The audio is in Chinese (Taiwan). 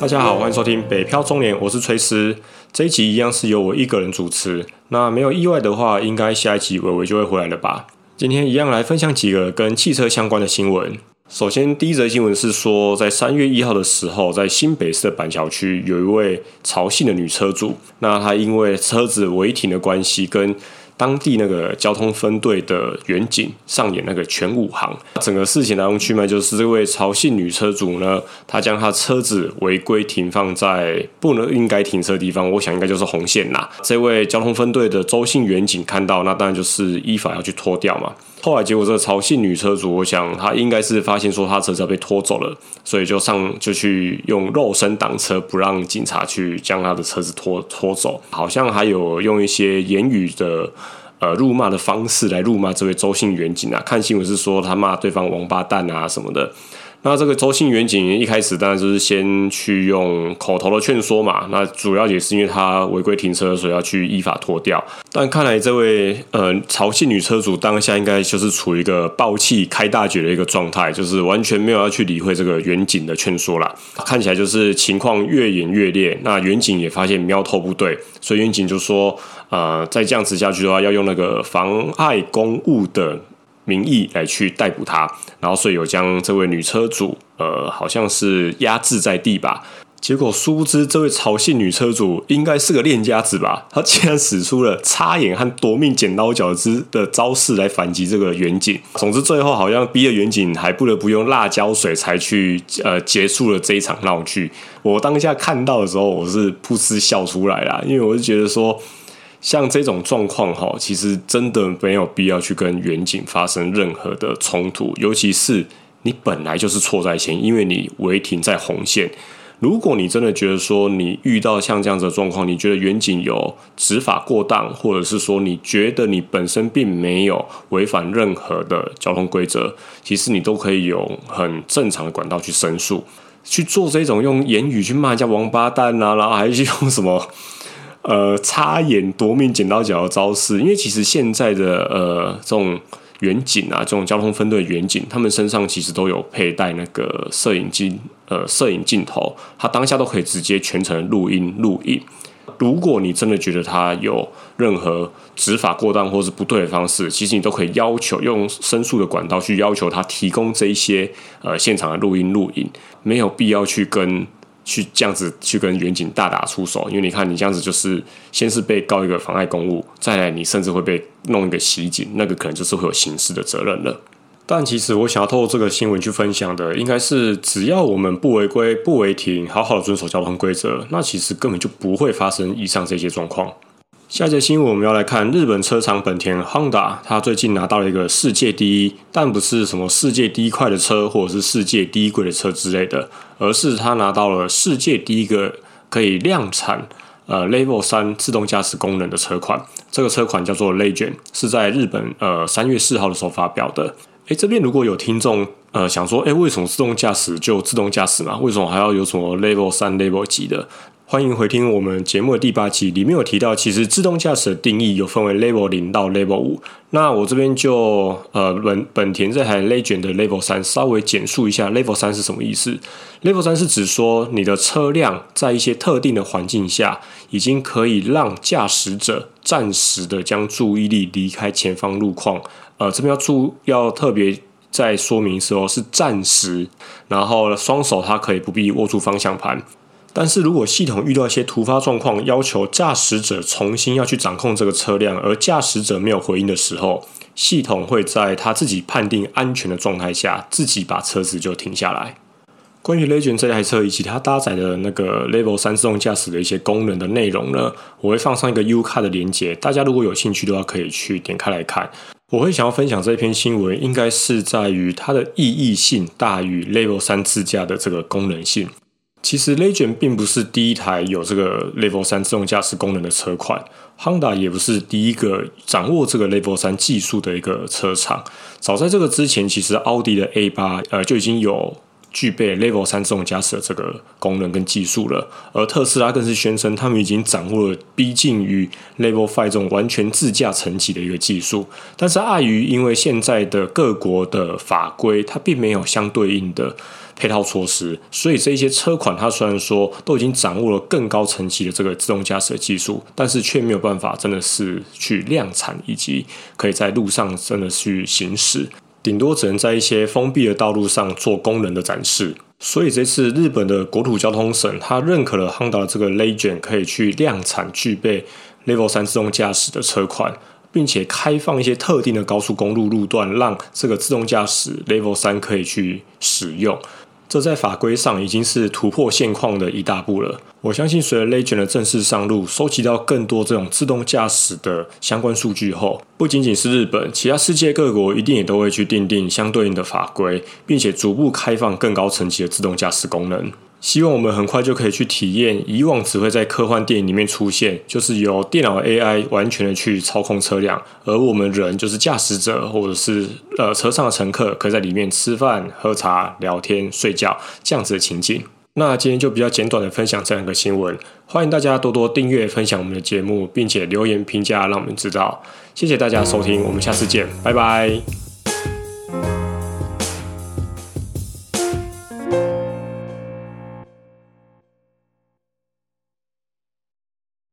大家好，歡迎收聽《北漂中年》，我是崔斯，這一集一樣是由我一個人主持。那沒有意外的話，應該下一集偉偉就會回來了吧？今天一樣來分享幾個跟汽車相關的新聞。首先，第一則新聞是說，在三月一號的時候，在新北市的板橋區，有一位潮姓的女車主，那她因為車子違停的關係跟當地那個交通分隊的員警上演那個全武行，整個事情來龍去脈就是這位朝姓女車主呢，她將她車子違規停放在不能應該停車的地方，我想應該就是紅線吶、啊。這位交通分隊的周姓員警看到，那當然就是依法要去拖吊嘛。後來結果這個潮姓女車主，我想她應該是發現說她車子要被拖走了，所以就上就去用肉身擋車，不讓警察去將她的車子拖拖走。好像還有用一些言語的。呃，辱罵的方式來辱罵這位周姓員警啊，看新聞是說他罵對方王八蛋啊什麼的。那這個周姓員警一開始當然就是先去用口頭的勸說嘛，那主要也是因為他違規停車，所以要去依法拖吊。但看來這位呃曹姓女車主當下應該就是處於一個爆氣開大嘴的一個狀態，就是完全沒有要去理會這個員警的勸說了。看起來就是情況越演越烈，那員警也發現苗頭不對，所以員警就說：呃，再這樣子下去的話，要用那個妨礙公務的。名義來去逮捕她，然後所以有將這位女車主，呃，好像是壓制在地吧。結果殊不知，這位潮姓女車主應該是個練家子吧，她竟然使出了插眼和奪命剪刀腳之的招式來反擊這個員警。總之，最後好像逼得員警，還不得不用辣椒水才去呃結束了這一場鬧劇。我當下看到的時候，我是噗嗤笑出來啦，因為我是覺得說。像這種狀況，其實真的沒有必要去跟員警發生任何的衝突，尤其是你本來就是錯在前，因為你違停在紅線。如果你真的覺得說你遇到像這樣子的狀況，你覺得員警有執法過當，或者是說你覺得你本身並沒有違反任何的交通規則，其實你都可以用很正常的管道去申訴，去做這種用言語去罵人家王八蛋啊，然後還是用什麼？呃，插眼奪命剪刀腳的招式。因為其實現在的呃這種員警啊，這種交通分隊員警，他們身上其實都有佩戴那個攝影機，呃，攝影鏡頭，他當下都可以直接全程錄音錄影。如果你真的覺得他有任何執法過當或是不對的方式，其實你都可以要求用申訴的管道去要求他提供這一些呃現場的錄音錄影，沒有必要去跟。去這樣子去跟員警大打出手，因為你看你這樣子就是先是被告一個妨礙公務，再來你甚至會被弄一個襲警，那個可能就是會有刑事的責任了。但其實我想要透過這個新聞去分享的，應該是只要我們不違規、不違停，好好遵守交通規則，那其實根本就不會發生以上這些狀況。下節新聞我們要來看日本車廠本田、Honda，它最近拿到了一個世界第一，但不是什麼世界第一快的車，或者是世界第一貴的車之類的，而是它拿到了世界第一個可以量產呃 Level 三自動駕駛功能的車款。這個車款叫做 Legend，是在日本呃三月四號的時候發表的。哎，這邊如果有聽眾呃想說，哎，為什麼自動駕駛就自動駕駛嘛？為什麼還要有什麼 Level 三、Level 幾的？歡迎回聽我們節目的第八集，裡面有提到，其實自動駕駛的定義有分為 Level 零到 Level 五。那我這邊就呃本本田這台 Legend 的 Level 三，稍微簡述一下 Level 三是什麼意思。Level 三是指說你的車輛在一些特定的環境下，已經可以讓駕駛者暫時的將注意力離開前方路況。呃，這邊要注要特別在說明時候、哦、是暫時，然後雙手它可以不必握住方向盤。但是如果系統遇到一些突發狀況，要求駕駛者重新要去掌控這個車輛，而駕駛者沒有回應的時候，系統會在他自己判定安全的狀態下，自己把車子就停下來。關於 Legend 這台車以及它搭載的那個 Level 三自動駕駛的一些功能的內容呢，我會放上一個 U-Car 的鏈接，大家如果有興趣的話，可以去點開來看。我會想要分享這篇新聞，應該是在於它的意義性大於 Level 三自駕的這個功能性。其實 Legend 並不是第一台有這個 Level 3自動駕駛功能的車款，Honda 也不是第一個掌握這個 Level 3技術的一個車廠。早在這個之前，其實奧迪的 A8，呃，就已經有。具備 Level 3自動駕駛的這個功能跟技術了，而特斯拉更是宣稱，他們已經掌握了逼近於 Level 5這種完全自駕層級的一個技術。但是，礙於因為現在的各國的法規，它並沒有相對應的配套措施，所以這些車款它雖然說都已經掌握了更高層級的這個自動駕駛的技術，但是卻沒有辦法真的是去量產以及可以在路上真的去行駛。頂多只能在一些封閉的道路上做功能的展示，所以這次日本的國土交通省，他認可了 Honda 這個 Legend 可以去量產具備 Level 三自動駕駛的車款，並且開放一些特定的高速公路路段，讓這個自動駕駛 Level 三可以去使用。這在法規上已經是突破現況的一大步了。我相信，隨着 Legend 的正式上路，收集到更多這種自動駕駛的相關數據後，不僅僅是日本，其他世界各國一定也都會去訂定相對應的法規，並且逐步開放更高層級的自動駕駛功能。希望我們很快就可以去體驗以往只會在科幻電影裡面出現，就是由電腦 AI 完全的去操控車輛，而我們人就是駕駛者或者是呃車上的乘客，可以在裡面吃飯、喝茶、聊天、睡覺這樣子的情景。那今天就比較簡短的分享這兩個新聞，歡迎大家多多訂閱、分享我們的節目，並且留言評價讓我們知道。謝謝大家收聽，我們下次見，拜拜。